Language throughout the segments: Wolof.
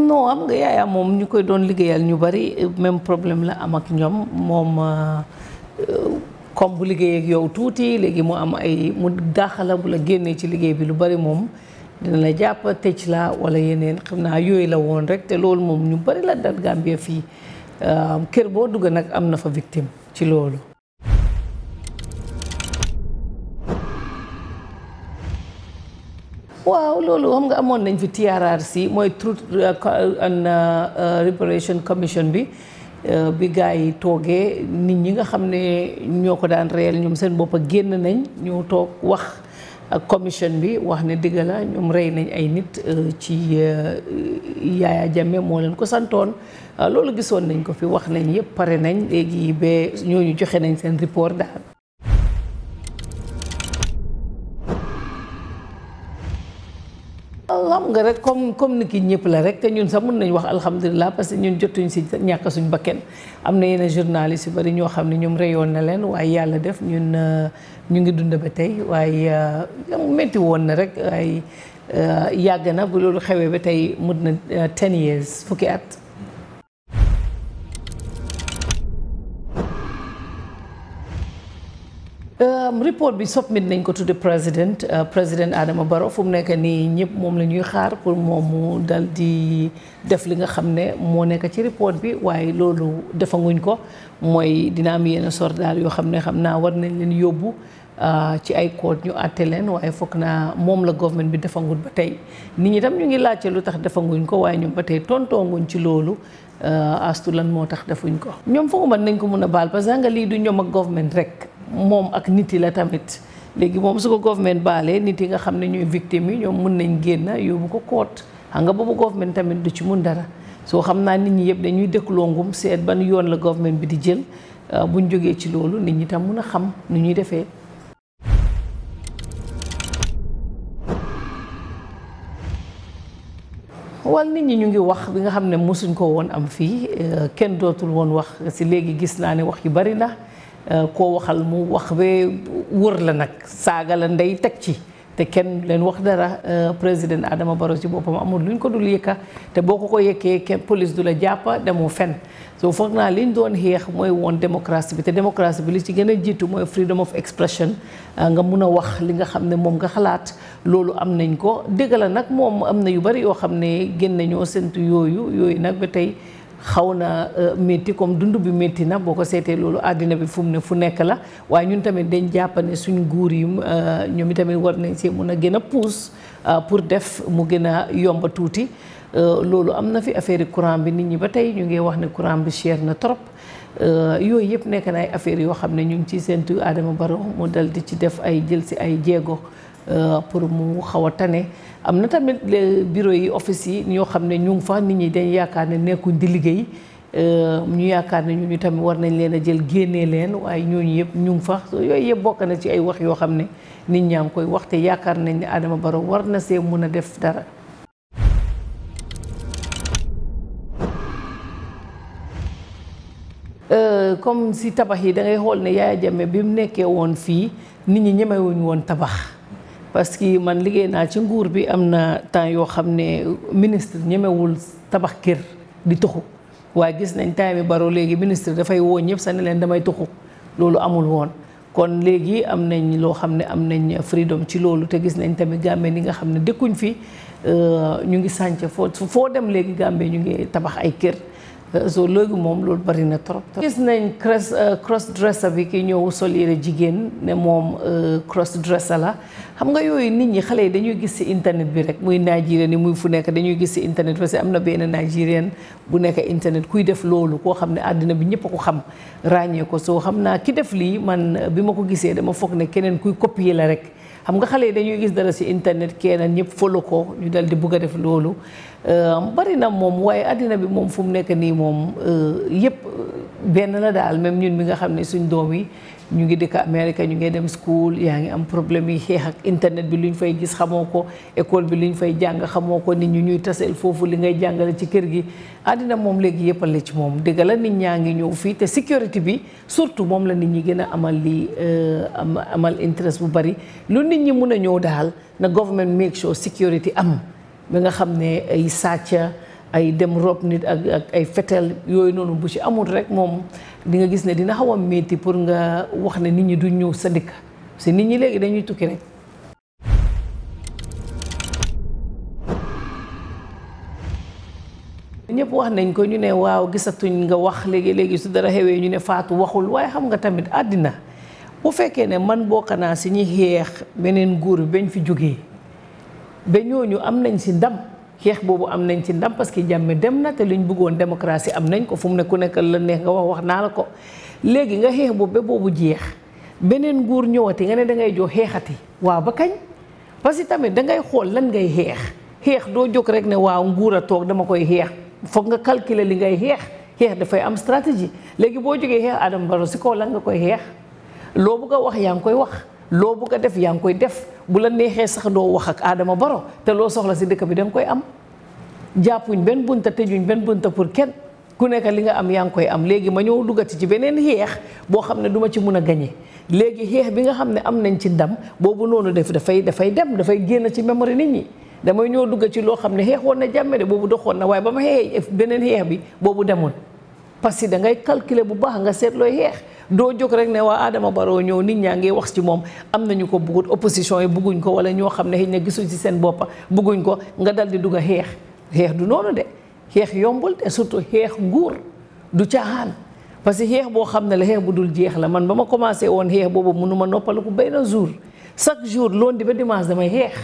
non am nga yaaya moom ñu koy doon liggéeyal ñu bari même problème la am ak ñoom moom comme euh, bu liggéey yow tuuti léegi mu am ay mu daaxala bu la génnee ci liggéey bi lu bari moom dina la jàpp tëj la wala yeneen xam naa yooyu la woon rek te loolu moom ñu bari la dal Gambie fii euh, kër boo dugg nag am na fa victime ci loolu waaw loolu xam nga amoon nañ fi TRRC mooy Truth uh, and uh, uh, Reparation Commission bi bi gars yi toogee nit ñi nga xam ne ñoo ko daan reyal ñoom seen bopp génn nañ ñoo toog wax ak commission bi wax ne dëgg la ñoom rey nañ ay nit ci Yaya Jammeh moo leen ko santoon loolu gisoon nañ ko fi wax nañ yëpp pare nañ léegi ñoo ñu joxe nañ seen report daal. waaw xam nga rek comme comme ni ki ñëpp la rek te ñun sax mën nañ wax alhamdulilah parce que ñun jotuñ si ñàkk suñ bakken am na yenn journalistes yu bari ñoo xam ne ñoom reyoon na leen waaye yàlla def ñun euh, ñu ngi dund ba tey waaye euh, métti woon na rek waaye euh, yàgg na bu loolu xewee ba tey mën na ten years fukki at Um, report bi submit nañ ko to the president uh, président Adama Barrow fu mu nekk nii ñëpp moom la ñuy xaar pour moom mu dal di def li nga xam ne moo nekk ci report bi waaye loolu defanguñ ko mooy dina am yenn sort daal yoo xam ne xam naa war nañ leen yóbbu uh, ci ay court ñu àtte leen waaye fokk naa moom la government bi defanguñ ba tey nit ñi tam ñu ngi laajte lu tax defanguñ ko waaye ñoom ba tey tontoonguñ ci loolu uh, astu lan moo tax defuñ ko. ñoom foog man nañ ko mun a baal parce que nga lii du ñoom ak government rek. moom ak nit yi la tamit léegi moom su ko government baalee nit yi nga xam ne ñooy victime yi ñoom mën nañ génn yóbbu ko koot xam nga boobu government tamit du ci mun dara soo xam naa nit ñi yëpp dañuy dëkkloo ngum seet ban yoon la government bi di jël ah, buñ jógee ci loolu nit ñi tam mun a xam nu ñuy defee. wal nit ñi ñu ngi wax bi nga xam ne mosuñ ko woon am fii eh, kenn dootul woon wax si léegi gis naa ne wax yu bari na. Euh, koo waxal mu wax ba wër la nag saaga la ndey teg ci te kenn leen wax dara euh, président Adama Barrow ci boppam amul luñ ko dul yëkka te boo ko ko yëkkee kenn police du la jàppa demoo fen so foog naa liñ doon xeex mooy woon démocratie bi te démocratie bi li ci gën a jiitu mooy freedom of expression euh, nga mun a wax li nga xam ne moom nga xalaat loolu am nañ ko dëgg la nag moom am na yu bari yoo xam ne génn nañoo séntu yooyu yooyu nag ba tey xaw na euh, métti comme dund bi métti na boo ko seetee loolu àddina bi fu mu ne fu nekk la waaye ñun tamit dañ jàpp ne suñ nguur yi euh, ñoom tamit war nañ see mun a gën a puus euh, pour def mu gën a yomba tuuti loolu am na fi affaire courant bi nit ñi ba tey ñu ngi wax ne courant bi cher na trop yooyu yëpp nekk na ay affaires yoo xam ne ñu ngi ciy séntu Adama Barrow mu dal di ci def ay jël si ay jéego. Euh, pour mu xaw a tane am na tamit les bureaux yi office yi ñoo xam ne ñu ngi fa nit ñi dañ yaakaar ne nekkuñ di liggéey euh, ñu yaakaar ne ñu ñu tamit war nañ leen a jël génnee leen waaye ñooñu yëpp ñu ngi fa yooyu yëpp bokk na ci ay wax yoo xam ne nit ñaa ngi koy waxte yaakaar nañ ne Adama Barrow war na see mun a def dara. Euh, comme si tabax yi dangay xool ne Yaya Jammeh bi mu nekkee woon fii nit ñi ñemewuñ woon tabax. parce que man liggéey naa ci nguur bi am na temps yoo xam ne ministre ñemewul tabax kër di tuxu waaye gis nañ temps bi baro léegi ministre dafay woo ñëpp sa ne leen damay tuxu loolu amul woon kon léegi am nañ loo xam ne am nañ freedom ci loolu te gis nañ tamit Gambie ni nga xam ne dëkkuñ fi euh, ñu ngi sànc foo foo dem léegi Gambie ñu ngi tabax ay kër so léegi moom loolu bari na trop. gis nañ cross euh, cross dresser bi kii ñëw sol yére jigéen ne moom euh, cross dresser la xam nga yooyu nit ñi xale yi dañuy gis ci internet bi rek muy Nigerian yi muy fu nekk dañuy gis ci internet parce que am na benn Nigerian bu nekk internet kuy def loolu koo xam ne àddina bi ñëpp a ko xam ràññee ko soo xam naa ki def lii man euh, bi ma ko gisee dama foog ne keneen kuy copier la rek. xam nga xale yi dañuy gis dara si internet keneen ñëpp follow ko ñu dal di bugg a def loolu euh, bari na moom waaye àddina bi moom fu mu nekk nii moom euh, yëpp euh, benn la daal même ñun mi nga xam ne suñ doom yi ñu ngi dëkk Amérique ñu ngi dem school yaa ngi am problème yi xeex ak internet bi lu ñu fay gis xamoo ko école bi lu ñu fay jàng xamoo ko nit ñu ñuy taseel foofu li ngay jàngale ci kër gi àddina moom léegi yëppal la ci moom dëgg la nit ñaa ngi ñëw fii te sécurité bi surtout moom la nit ñi gën a amal lii euh, amal interest bu bari lu nit ñi mun a ñëw daal na government make sure sécurité am bi nga xam ne ay sàcca ay dem rob nit ak ak ay fetel yooyu noonu bu ci amul rek moom di nga gis ne dina xaw a pour nga wax ne nit ñi du ñëw sa dëkk parce nit ñi léegi dañuy tukki rek. ñépp wax nañ ko ñu ne waaw gisatuñ nga wax léegi léegi su dara xewee ñu ne faatu waxul waaye xam nga tamit àddina bu fekkee ne man bokk naa si ñi xeex beneen nguur bañ fi jógee ba ñooñu am nañ si ndam. xeex boobu am nañ ci ndam parce que jàmme dem na te liñ bëggoon démocratie am nañ ko fu mu ne ku la neex nga wax wax naa la ko léegi nga xeex boobu ba boobu jeex beneen nguur ñëwati nga ne da ngay jox xeexati waaw ba kañ parce que tamit da ngay xool lan ngay xeex xeex doo jóg rek ne waaw nguur a toog dama koy xeex foog nga calculer li ngay xeex xeex dafay am stratégie léegi boo jógee xeex Adama Barrow si kaw lan nga koy xeex loo bëgg a wax yaa ngi koy wax loo bëgg a def yaa ngi koy def bu la neexee sax doo wax ak aadama Baro te loo soxla si dëkk bi da koy am jàppuñ benn bunta tëjuñ benn bunta pour kenn ku nekk li nga am yaa ngi koy am léegi ma ñëw duggati ci beneen xeex boo xam ne du ci mun a gañe léegi xeex bi nga xam ne am nañ ci ndam boobu noonu def dafay dafay dem dafay génn ci mémoire nit ñi damay ñëw dugg ci loo xam ne xeexoon na jàmmede boobu doxoon na waaye ba ma xeexee beneen xeex bi boobu demoon parce que da ngay calculer bu baax nga seet looy doo jóg rek ne waa Adama Barrow ñëw nit ñaa ngi wax ci moom am nañu ko bëggut opposition yi bëgguñ ko wala ñoo xam ne xëy na gisuñ ci seen boppa bëgguñ ko nga dal di dugg a xeex xeex du noonu de xeex yombul te surtout xeex nguur du caaxaan parce que xeex boo xam ne la xeex bu dul jeex la man ba ma commencé woon xeex boobu mënuma noppalu ko na jour chaque jour loolu di ba dimanche damay xeex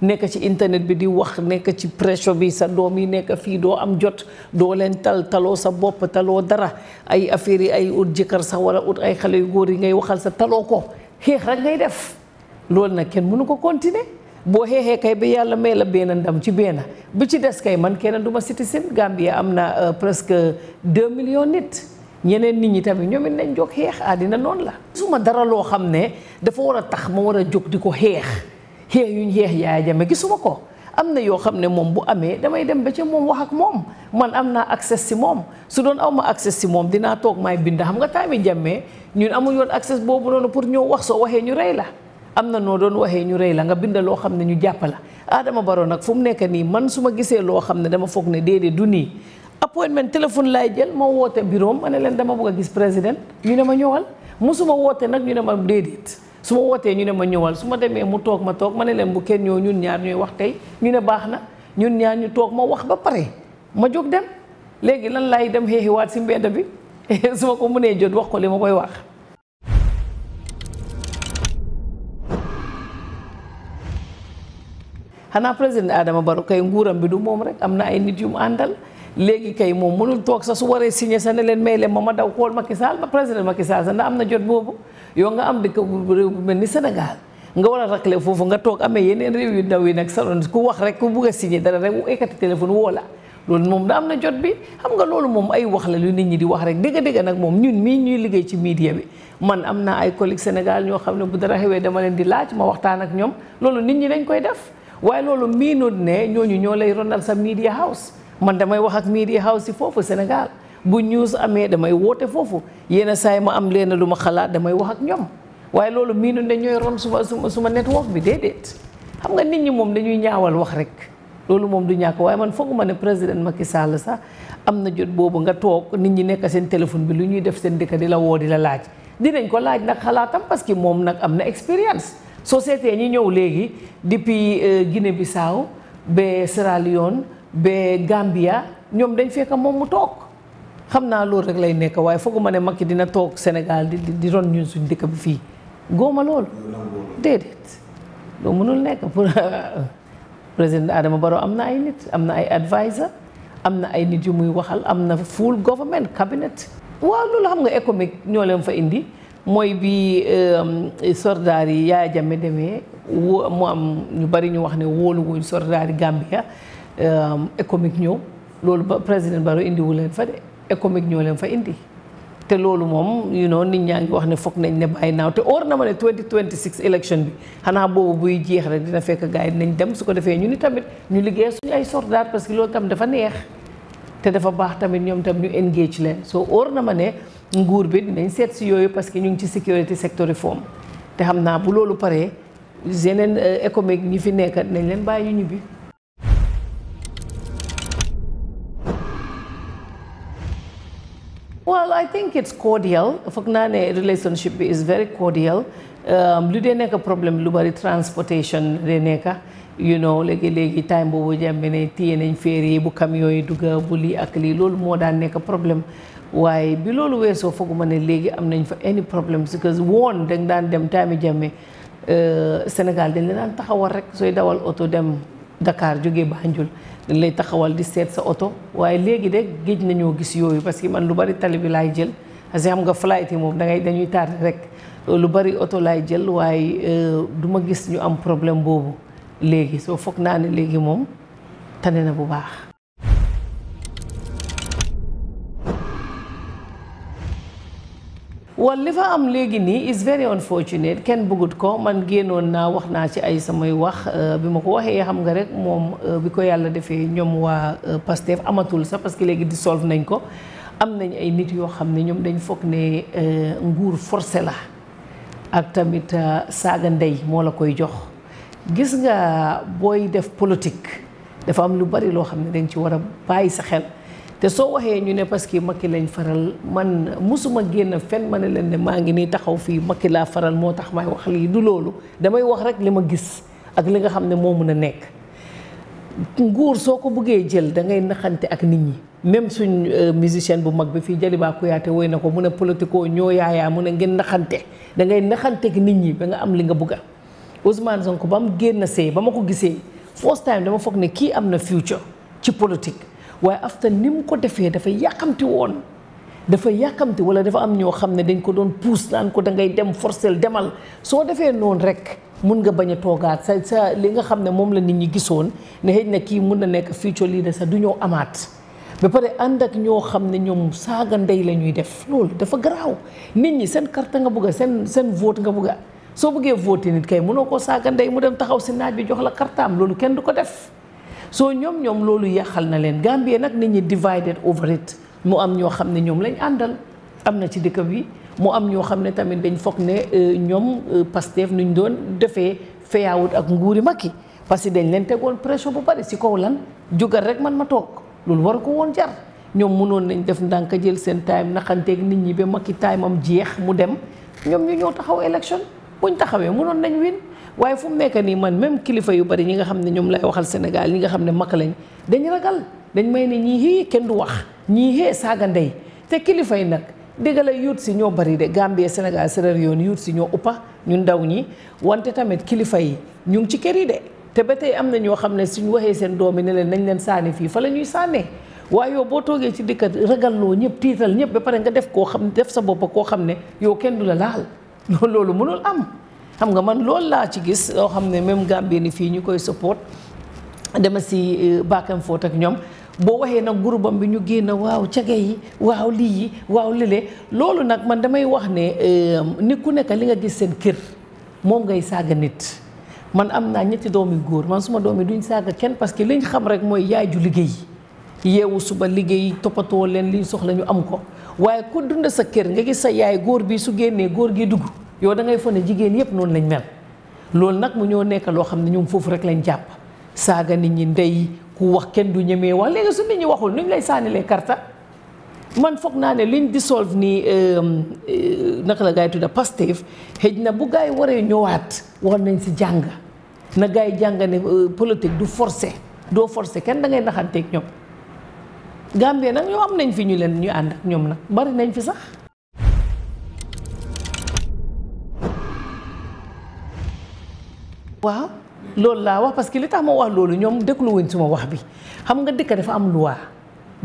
nekk ci internet bi di wax nekk ci pression bi sa doom yi nekk fii doo am jot doo leen tal taloo sa bopp taloo dara ay affaire yi ay ut jëkkër sax wala ut ay xale yu góor yi ngay waxal sa taloo ko xeex rek ngay def loolu nag kenn mënu ko continuer boo xeexee kay bi yàlla may la benn ndam ci benn bi ci des kay man kenn du ma citizen Gambia am na euh, presque deux millions nit ñeneen nit ñi tamit ñoom it nañ jóg xeex àddina noonu la. su ma dara loo xam ne dafa war a tax ma war a jóg di ko xeex. xeex yuñ xeex Yaya Jammeh gisuma ko am na yoo xam ne moom bu amee damay dem ba ca moom wax ak moom man am naa accès si moom su doon aw ma accès si moom dinaa toog maay bind xam nga taami jàmmee ñun amuñu woon accès boobu noonu pour ñëw wax soo waxee ñu rey la am na noo doon waxee ñu rey la nga bind loo xam ne ñu jàpp la Adama Barrow nag mu nekk nii man su ma gisee loo xam ne dama foog ne déedéet du nii appointment téléphone laay jël ma woote bureau ma ne dama bëgg a gis président ñu ne ma ñëwal musuma woote nag ñu ne ma déedéet su ma wootee ñu ne ma ñëwal su ma demee mu toog ma toog ma ne leen bu kenn ñëw ñun ñaar ñooy wax tey ñu ne baax na ñun ñaar ñu toog ma wax ba pare ma jóg dem léegi lan laay dem xeexiwaat si mbedd bi su ma ko mënee jot wax ko li ma koy wax. xanaa président Adama Barrow kay nguuram bi du moom rek am na ay nit yu mu àndal léegi kay moom mënul toog sa su waree signé sa ne leen may leen ma ma daw xool Macky Sall ba président Macky Sall sa ndax am na jot boobu. yow nga am dëkk réew bu mel ni Sénégal nga war a rakle foofu nga toog amee yeneen réew yu ndaw yi nag salon ku wax rek ku bugg a signé dara rek mu ekkati téléphone woo la loolu moom da am na jot bi xam nga loolu moom ay wax la lu nit ñi di wax rek dëgg dëgg nag moom ñun mii ñuy liggéey ci media bi man am naa ay collègues Sénégal ñoo xam ne bu dara xewee dama leen di laaj ma waxtaan ak ñoom loolu nit ñi dañ koy def waaye loolu miinut ne ñooñu ñoo lay ronal sa media house man damay wax ak media house yi foofu Sénégal bu news amee damay woote foofu yenn saa yi ma am leen lu ma xalaat damay wax ak ñoom waaye loolu miinu ne ñooy ron ma su suma network bi déedéet xam nga nit ñi moom dañuy ñaawal wax rek loolu moom du ñàkk waaye man fooguma ne président ki sàll sax am na jot boobu nga toog nit ñi nekk seen téléphone bi lu ñuy def seen dëkk di la woo di la laaj dinañ ko laaj nag xalaatam parce que moom nag am na expérience société ñi ñëw léegi depuis euh, Guinée Bissau ba Sierra Leone ba Gambia ñoom dañ fekk moom mu toog xam naa loolu rek lay nekk waaye foog ma ne Macky dina toog Sénégal di di ron ñun suñ dëkk bi fii góoma loolu déedéet doo mënul nekk pour président Adama Barrow am na ay nit am na ay advisor am na ay nit yu muy waxal am na full government cabinet waaw loolu xam nga économique ñoo leen fa indi mooy bi euh, soldaar yi Yaya Jammeh demee ñu bari ñu wax ne wóolu wuñ soldaar yi euh, ñëw loolu ba président Barrow indiwu fa de économique ñoo leen fa indi te loolu moom you know nit ñaa ngi wax ne foog nañ ne bàyyi naaw te or na ma ne 2026 élection bi xanaa boobu buy jeex rek dina fekk gars yi nañ dem su ko defee ñu ni tamit ñu liggéey suñu ay soldat parce que loolu tam dafa neex te dafa baax tamit ñoom tam ñu engage leen soo or na ma ne nguur bi dinañ seet si yooyu parce que ñu ngi ci sécurité secteur réforme te xam naa bu loolu paree yeneen euh, économique ñi fi nekk nañ leen bàyyi ñu ñibbi I think it's cordial foog naa ne relationship bi is very cordial um, lu dee nekk problème lu bari transportation de nekk you know léegi-léegi time boobu jàmbe ne téye nañ féeri yi bu camion yi dugga bu lii ak lii loolu moo daan nekk problème waaye bi loolu weesoo fooguma ne léegi am nañ fa any problème because woon dañ daan dem time jàmme uh, Sénégal dañ la daan taxawal rek sooy dawal oto dem Dakar jógee Banjul dañ taxawal di seet sa oto waaye léegi de géej nañoo gis yooyu parce que man lu bari tali bi laay jël parce que xam nga flight yi moom dangay dañuy taat rek euh, lu bari oto laay jël waaye euh, du ma gis ñu am problème boobu léegi soo foog naa ne léegi moom tane na bu baax. wal li fa am léegi nii is very unfortunate kenn bëggut ko man génnoon naa wax naa ci ay samay wax euh, bi ma ko waxee xam nga rek moom euh, bi ko yàlla defee ñoom waa euh, Pastef amatul sax parce que léegi dissolve nañ ko am nañ ay nit yoo xam ne ñoom dañ foog ne nguur forcé la ak tamit saaga ndey moo la koy jox gis nga booy def politique dafa am lu bari loo xam ne dañ ci war a bàyyi sa xel te soo waxee ñu ne parce que Macky lañ faral man musuma génn fenn ma ne leen ne maa ngi nii taxaw fii makki laa faral moo tax may wax lii lu loolu damay wax rek li ma gis ak li nga xam ne moo mun a nekk nguur soo ko bëggee jël da ngay naxante ak nit ñi même suñ euh, musicien bu mag bi fii Jaliba Kouyaté woy na ko mu ne politico ñoo yaayaa mu ne ngeen naxante dangay ngay naxante ak nit ñi ba nga am li nga bëgga Ousmane sonk ba mu génn see ba ma ko gisee first time foog ne kii am na future ci politique waaye Asta ni mu ko defee dafa yàqamti woon dafa yàqamti wala dafa am ñoo xam ne dañ ko doon puus naan ko da ngay dem forcel demal soo defee noonu rek mun nga bañ a toogaat sa sa li nga xam ne moom la nit ñi gisoon ne xëy na kii mun na nekk future leader sax du ñoo amaat ba pare ànd ak ñoo xam ne ñoom saaga ndey la ñuy def loolu dafa garaaw nit ñi seen carte nga bëgg seen seen vote nga bëgg a soo bëggee voté nit kay mënoo koo saaga ndey mu dem taxaw si naaj bi jox la kartaam loolu kenn du ko def so ñoom ñoom loolu yàqal na leen Gambie nag nit ñi divided over it mu am ñoo xam ne ñoom lañ àndal am na ci dëkk bi mu am ñoo xam ne tamit dañ foog ne euh, ñoom euh, Pastef nuñ doon defee feyaawut ak nguuri Macky parce que dañ leen tegoon pression bu bari si kaw lan jógal rek man ma toog loolu war ko woon jar ñoom munoon nañ def ndànk jël seen time naxanteeg nit ñi ba Macky time am jeex mu dem ñoom ñu ñëw taxaw élection buñ taxawee mënoon nañ win waaye fu mu nekk nii man même kilifa yu bari ñi nga xam ne ñoom lay waxal Sénégal ñi nga xam ne mag lañ dañ ragal dañ may ne ñii hii kenn du wax ñii hee saaga ndey te kilifa yi nag dégg la yuut si ñoo bari de gàmbee Sénégal Sierra yoon yuut si ñoo uppa ñu ndaw ñi wante tamit kilifa yi ñu ci kër yi de te ba tey am na ñoo xam ne suñ waxee seen doom yi ne leen nañ leen saani fii fa la ñuy sànnee waaye yow boo toogee ci dëkkat ragalloo ñëpp tiital ñëpp ba pare nga def koo xam def sa bopp koo xam ne yow kenn du la laal loolu am xam nga man loolu laa ci gis loo xam ne même Gambie ni fii ñu koy support dama si euh, back and ak ñoom boo waxee nag groupe bi ñu génn waaw cage yi waaw lii yi waaw lile loolu nag man damay wax ne euh, nit ku nekk li nga gis seen kër moom ngay saaga nit man am naa ñetti doom yu góor man suma doom yi duñ saaga kenn parce que liñ xam rek mooy yaay ju liggéey yeewu suba liggéey toppatoo leen liñ soxla ñu am ko waaye ku dund sa kër nga gis sa yaay góor bi su génnee góor gi dugg yow dangay ngay fone jigéen yëpp noonu lañ mel loolu nag mu ñoo nekk loo xam ne ñoom foofu rek lañ jàpp saaga nit ñi ndey ku wax kenn du ñemee wax léegi su nit ñi waxul nuñ lay sànnilee karta man foog naa ne liñ dissolve nii euh, euh, naka la gaay tudda Pastef xëj na bu gaay yi waree ñëwaat war nañ si jàng na gaay yi jàng ne euh, politique du forcé doo force kenn da ngay naxanteeg ñoom Gambie nag ñoo am nañ fi ñu leen ñu ànd ak ñoom nag bari nañ fi sax waaw loolu laa wax parce que li tax ma wax loolu ñoom déglu wuñ suma wax bi xam nga dëkk dafa am loi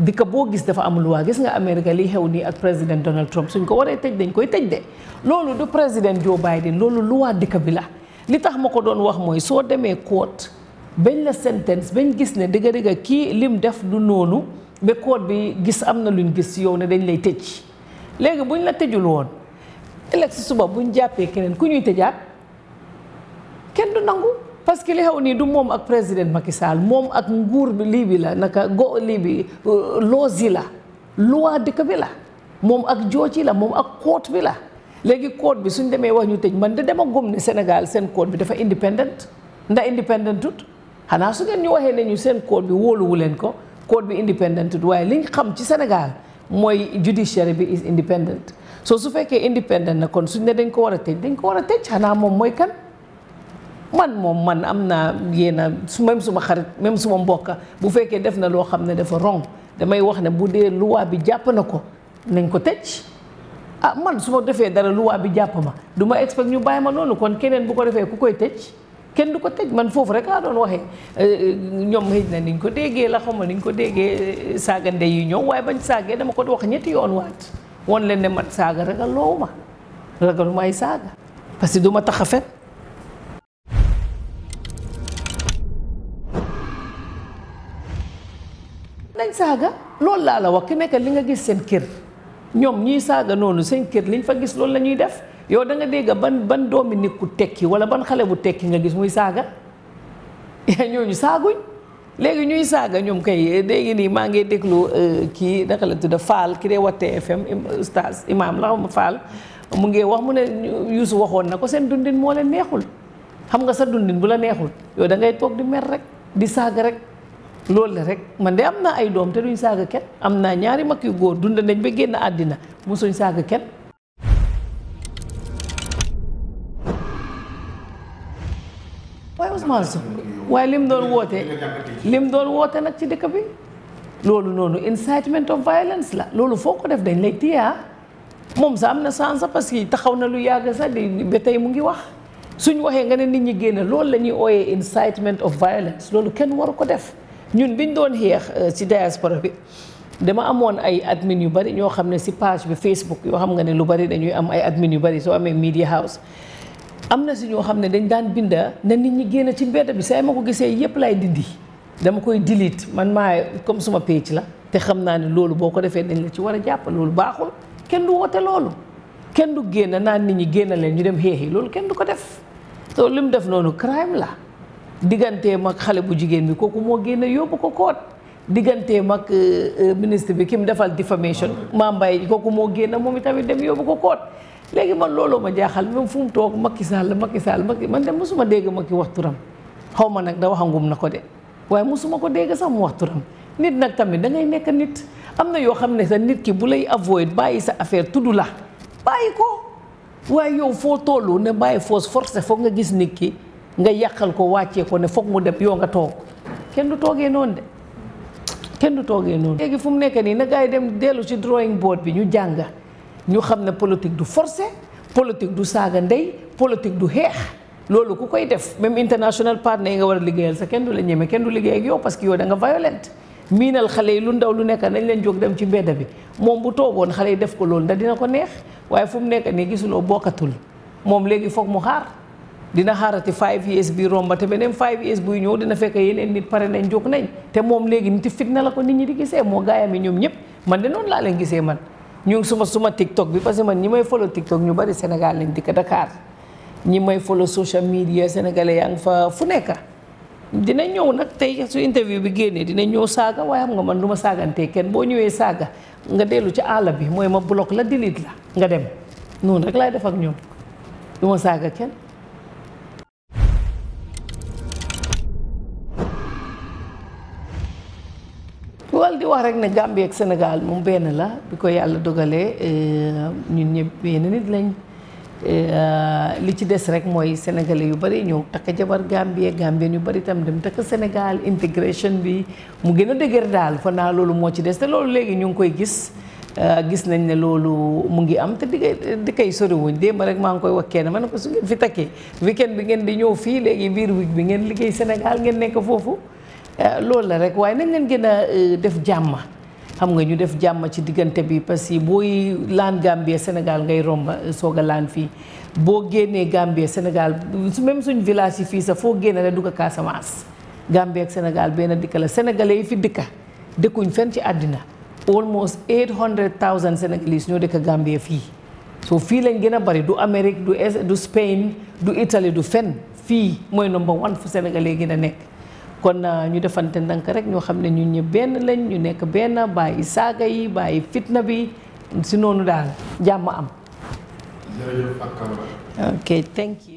dëkk boo gis dafa am loi gis nga Amérique li xew nii ak président Donald Trump suñ ko waree tëj dañ koy tëj de loolu du président Joe Biden loolu loi dikk bi la li tax ma ko doon wax mooy soo demee court bañ la sentence bañ gis ne dëgg dëgg kii lim def du noonu ba court bi gis am na luñ gis yow ne dañ lay tëj léegi buñ la tëjul woon ëllëg si suba buñ jàppee keneen ku ñuy tëjaat kenn du nangu parce que li xew nii du moom ak président Macky Sall moom ak nguur lii bi la naka go lii bi euh, loosi la loi dëkk bi la moom ak jooci la moom ak court bi la léegi court bi suñ demee wax ñu tëj man de dama gëm ni Sénégal seen court bi dafa indépendant nda indépendant tut xanaa su ngeen ñu waxee ne ñu seen court bi wóoluwu leen ko court bi indépendant tut waaye liñ xam ci Sénégal mooy judiciaire bi is indépendant soo su fekkee indépendant na kon suñ ne dañ ko war a tëj dañ ko war a tëj xanaa moom mooy kan man moom man am naa yéena su même suma xarit même suma mbokka bu fekkee def na loo xam ne dafa rong damay wax ne bu dee luwaa bi jàpp na ko nañ ko tëj ah man su ma defee dara luwaa bi jàpp ma du ma expect ñu bàyyi ma noonu kon keneen bu ko defee ku koy tëj kenn du ko tëj man foofu rek laa doon waxee eh, eh, ñoom xëj na niñ ko déggee la xaw ma ni niñ ko déggee eh, saaga ndey yi ñëw waaye bañ saagee dama ko wax ñetti yoon waat woon leen ne man saaga ragal loowu ma ragaluma ay saaga parce que du ma tax a fen saaga loolu laa la wax ku nekk li nga gis seen kër ñoom ñuy saaga noonu seen kër liñ fa gis loolu la ñuy def yow da nga dégg ban ban doomi nit ku tekki wala ban xale bu tekki nga gis muy saaga ñooñu saaguñ léegi ñuy saaga ñoom kay léegi nii maa ngee déglu euh, kii naka la tudd faal ki dee watte FM oustaz imam la xam Fall mu ngee wax mu ne Youssou waxoon na ko seen dundin moo leen neexul xam nga sa dundin bu la neexul yow da ngay toog di mer rek di saaga rek. loolu la rek man de am naa ay doom te duñ saaga kenn am naa ñaari mag yu góor dund nañ ba génn àddina mosuñ saaga kenn waaye Ousmane waaye lim doon woote lim doon woote nag ci dëkk bi loolu noonu incitement of violence la loolu foo ko def dañ lay téyaa ah. moom sa am na sens parce que taxaw na lu yàgg sax ba tey mu ngi wax suñ waxee nga ne nit ñi génn loolu la ñuy ooyee incitement of violence loolu kenn waru ko def ñun bi ñu doon xeex euh, ci diaspora bi dama amoon ay admin yu bari ñoo xam ne si page bi Facebook yoo xam nga ne lu bari dañuy am ay admin yu bari soo amee media house am na si ñoo xam ne dañ daan bind na nit ñi génn ci mbedd bi saa ma ko gisee yépp lay dindi dama koy delete man maa comme suma page la te xam naa ne loolu boo ko defee dañ la ci war a jàpp loolu baaxul kenn du woote loolu kenn du génn naan nit ñi génn leen ñu dem yi loolu kenn du ko def so li mu def noonu crime la digganteem ak xale bu jigéen bi kooku moo génne yóbbu ko koot digganteem ak euh, euh, ministre bi ki mu defal diffamation Mame Mbaye kooku moo génn moom itamit dem yóbbu ko koot léegi man looloo ma jaaxal même fu mu toog Macky Sall Macky Sall Macky man de mosuma dégg Macky wax turam xaw ma nag da waxangum na ko de waaye mu suma ko dégg sax mu wax turam nit nag tamit da ngay nekk nit am na yoo xam ne sa nit ki bu lay avoid bàyyi sa affaire tudd la bàyyi ko waaye yow foo tollu ne bàyyi foos force foog nga gis nit ki nga yàqal ko wàccee ko ne foog mu dem yoo nga toog kenn du toogee noonu de kenn du toogee noonu. léegi fu mu nekk nii nag gaa yi dem dellu si drawing boot bi ñu jàng ñu xam ne politique du forcé politique du saaga ndey politique du xeex loolu ku koy def même international partner yi nga war a liggéeyal sa kenn du la ñeme kenn du liggéey ak yow parce que yow da nga violent miinal xale yi lu ndaw lu nekk dañ leen jóg dem ci mbedd bi moom bu toogoon xale yi def ko loolu ndax dina ko neex waaye fu mu nekk nii gisuloo bokkatul moom léegi foog mu xaar. dina xaarati five years bi rombate beneen five years buy ñëw dina fekk yeneen nit pare nañ jóg nañ te moom léegi nit fitna la ko nit ñi di gisee moo gaayam yi ñoom ñëpp man de noon laa leen gisee man ñu suma suma TikTok bi parce que man ñi may follow TikTok ñu bari Sénégal lañ dikk Dakar ñi may follow social media sénégalais yaa ngi fa fu nekk dina ñëw nag tey su interview bi génnee dina ñëw saaga waaye xam nga man du ma saagantee kenn boo ñëwee saaga nga dellu ci àll bi mooy ma block la delete la nga dem noonu rek laay def ak ñoom du ma wal di wax rek ne Gambie ak Sénégal moom benn la bi ko yàlla dogalee eh, ñun ñëpp benn nit lañ eh, li ci des rek mooy sénégalais yu bari ñëw takk jabar Gambie Gambien yu bari tam dem takk Sénégal intégration bi mu gën a dëgër daal fa naa loolu moo ci des te loolu léegi ñu ngi koy gis eh, gis nañ ne loolu mu ngi am te di di koy soriwuñ démb rek maa ngi koy wakkee ne man ne ko su ngeen fi takkee weekend bi ngeen di ñëw fii léegi biir week bi ngeen liggéey Sénégal ngeen nekk foofu Eh, loolu la rek waaye nañ leen gën a eh, def jàmma xam nga ñu def jàmm ci diggante bi parce que booy laan Gambie Sénégal ngay romb eh, soog a laan fii boo génnee Gambie Sénégal même suñ village yi fii sax foo génne rek dugg a Casamance Gambie ak Sénégal benn dikka la sénégalais fi dëkka dëkkuñ fenn ci àddina almost 800000 sénégalais ñoo dëkk Gambie fii soo fii lañ gën a bari du Amérique du du Spain du Italie du fenn fii mooy number one fu sénégalais gën a nekk kon euh, ñu defante ndank rek ñoo xam ne ñu ñëpp benn lañ ñu nekk benn bàyyi saaga yi bàyyi fitna bi si noonu daal jàmm am. jërëjëf ok thank you.